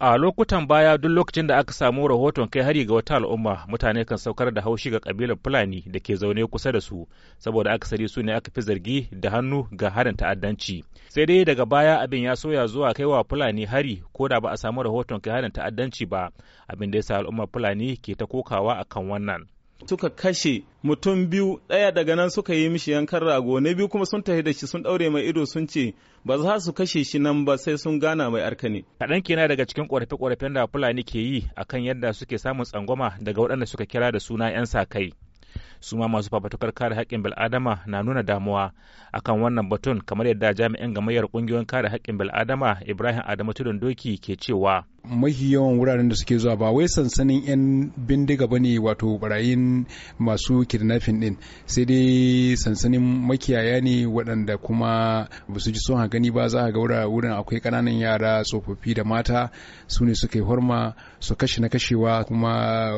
A lokutan baya duk lokacin da aka samu rahoton kai hari ga wata al'umma mutane kan saukar da haushi ga kabilar Fulani da ke zaune kusa da su saboda akasari su ne aka fi zargi da hannu ga harin ta'addanci. Sai dai daga baya abin ya soya zuwa kai wa Fulani hari ko da ba a samu rahoton kai harin ta'addanci ba abin da ya sa al'ummar Fulani ke ta kokawa akan wannan. suka kashe mutum biyu ɗaya daga nan suka yi mishi yankan rago na biyu kuma sun tafi da shi sun ɗaure mai ido sun ce ba za su kashe shi nan ba sai sun gana mai arkani. Kaɗan na daga cikin ƙorafe-ƙorafen da Fulani ke yi akan yadda suke samun tsangwama daga waɗanda suka kira da suna 'yan sa kai. su ma masu fafatukar kare haƙƙin bil'adama na nuna damuwa akan wannan batun kamar yadda jami'in gamayyar ƙungiyoyin kare haƙƙin bil'adama ibrahim adamu tudun doki ke cewa mahi yawan wuraren da suke zuwa ba wai sansanin 'yan bindiga ba ne wato barayin masu kidnapping din sai dai sansanin makiyaya ne waɗanda kuma ba su ji son gani ba za a ga wurin akwai ƙananan yara tsofaffi da mata su ne suka yi horma su kashe na kashewa kuma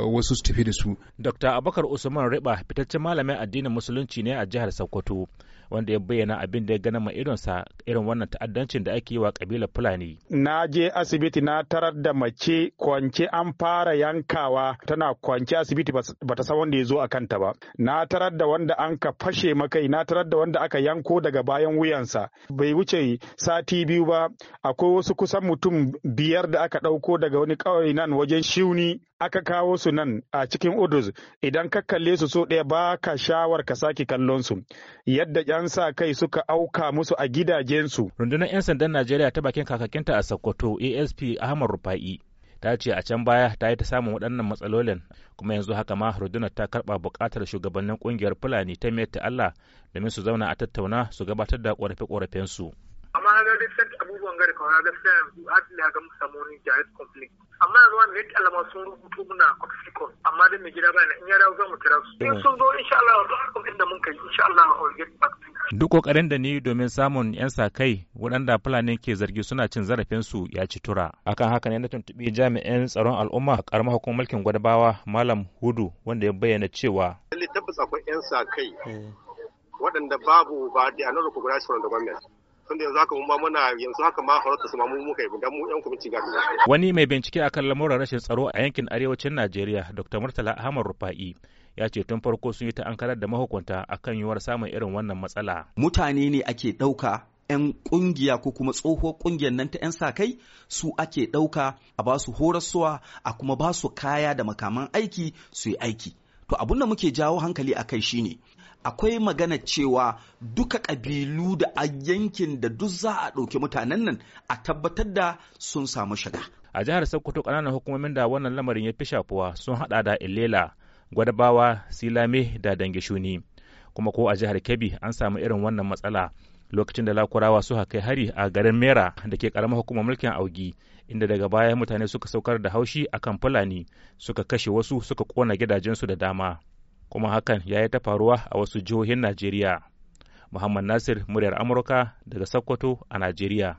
wasu su tafi da su. Dr. Abakar Usman Riba fitaccen malamin addinin musulunci ne a jihar Sokoto. wanda ya bayyana abin da ya gana ma irinsa irin wannan ta'addancin da ake yi wa kabilar Fulani. Na je asibiti na tarar da mace kwance an fara yankawa tana kwance asibiti bata san wanda ya zo a kanta ba na tarar da wanda an ka fashe makai na tarar da wanda aka yanko daga bayan wuyansa bai wuce sati biyu ba akwai wasu kusan mutum biyar da aka ɗauko daga wani ƙauye nan wajen shiuni aka kawo su nan a cikin udus idan ka kalle su so ɗaya ba ka shawar ka sake kallon su yadda yan sa kai suka auka musu a gidajensu rundunar 'yan sandan najeriya ta bakin kakakinta a sokoto asp ahmad rufa'i ta ce a can baya ta yi ta samun waɗannan matsalolin kuma yanzu haka ma rundunar ta karɓa buƙatar shugabannin ƙungiyar fulani ta meta allah domin su zauna a tattauna su gabatar da ƙorafe su amma na gari sai abubuwan gari kawai na gaskiya yanzu hadin da ga mu samu wani jihar conflict amma yanzu wani yadda alama sun rubuto muna oxycon amma dai mai gida bayan in ya dawo za mu kira su in sun zo insha Allah wata inda mun kai insha Allah a will get Duk ƙoƙarin da ni domin samun 'yan sa-kai waɗanda Fulani ke zargi suna cin zarafinsu ya ci tura. Akan haka ne na tuntuɓi jami'an tsaron al'umma a ƙaramar hukumar mulkin Gwadabawa Malam Hudu wanda ya bayyana cewa. Lalle tabbas akwai 'yan sa-kai eh. waɗanda babu ba da anar recognize from the government. tunda yanzu haka ma muna yanzu haka ma harata su ma mu muka yi dan mu yan kwamitin ga wani mai bincike akan lamuran rashin tsaro a yankin arewacin Najeriya Dr. Murtala Ahmad Rufa'i ya ce tun farko sun yi ta ankarar da mahukunta akan yiwuwar samun irin wannan matsala mutane ne ake ɗauka 'yan ƙungiya ko kuma tsohuwar kungiyar nan ta 'yan sa kai su ake ɗauka a ba su horaswa a kuma ba su kaya da makaman aiki su yi aiki to abin da muke jawo hankali a kai shine akwai magana cewa duka ƙabilu da a yankin da duk za a ɗauki mutanen nan a tabbatar da sun samu shiga a jihar sokoto ƙananan hukumomin da wannan lamarin ya fi shafuwa sun haɗa da ilela gwadabawa silame da dange shuni kuma ko a jihar kebbi an samu irin wannan matsala lokacin da lakurawa suka kai hari a garin mera da ke karamar hukumar mulkin augi inda daga baya mutane suka saukar da haushi akan fulani suka kashe wasu suka kona gidajensu da dama kuma hakan ya yi ta faruwa a wasu jihohin najeriya muhammad nasir muryar amurka daga sokoto a najeriya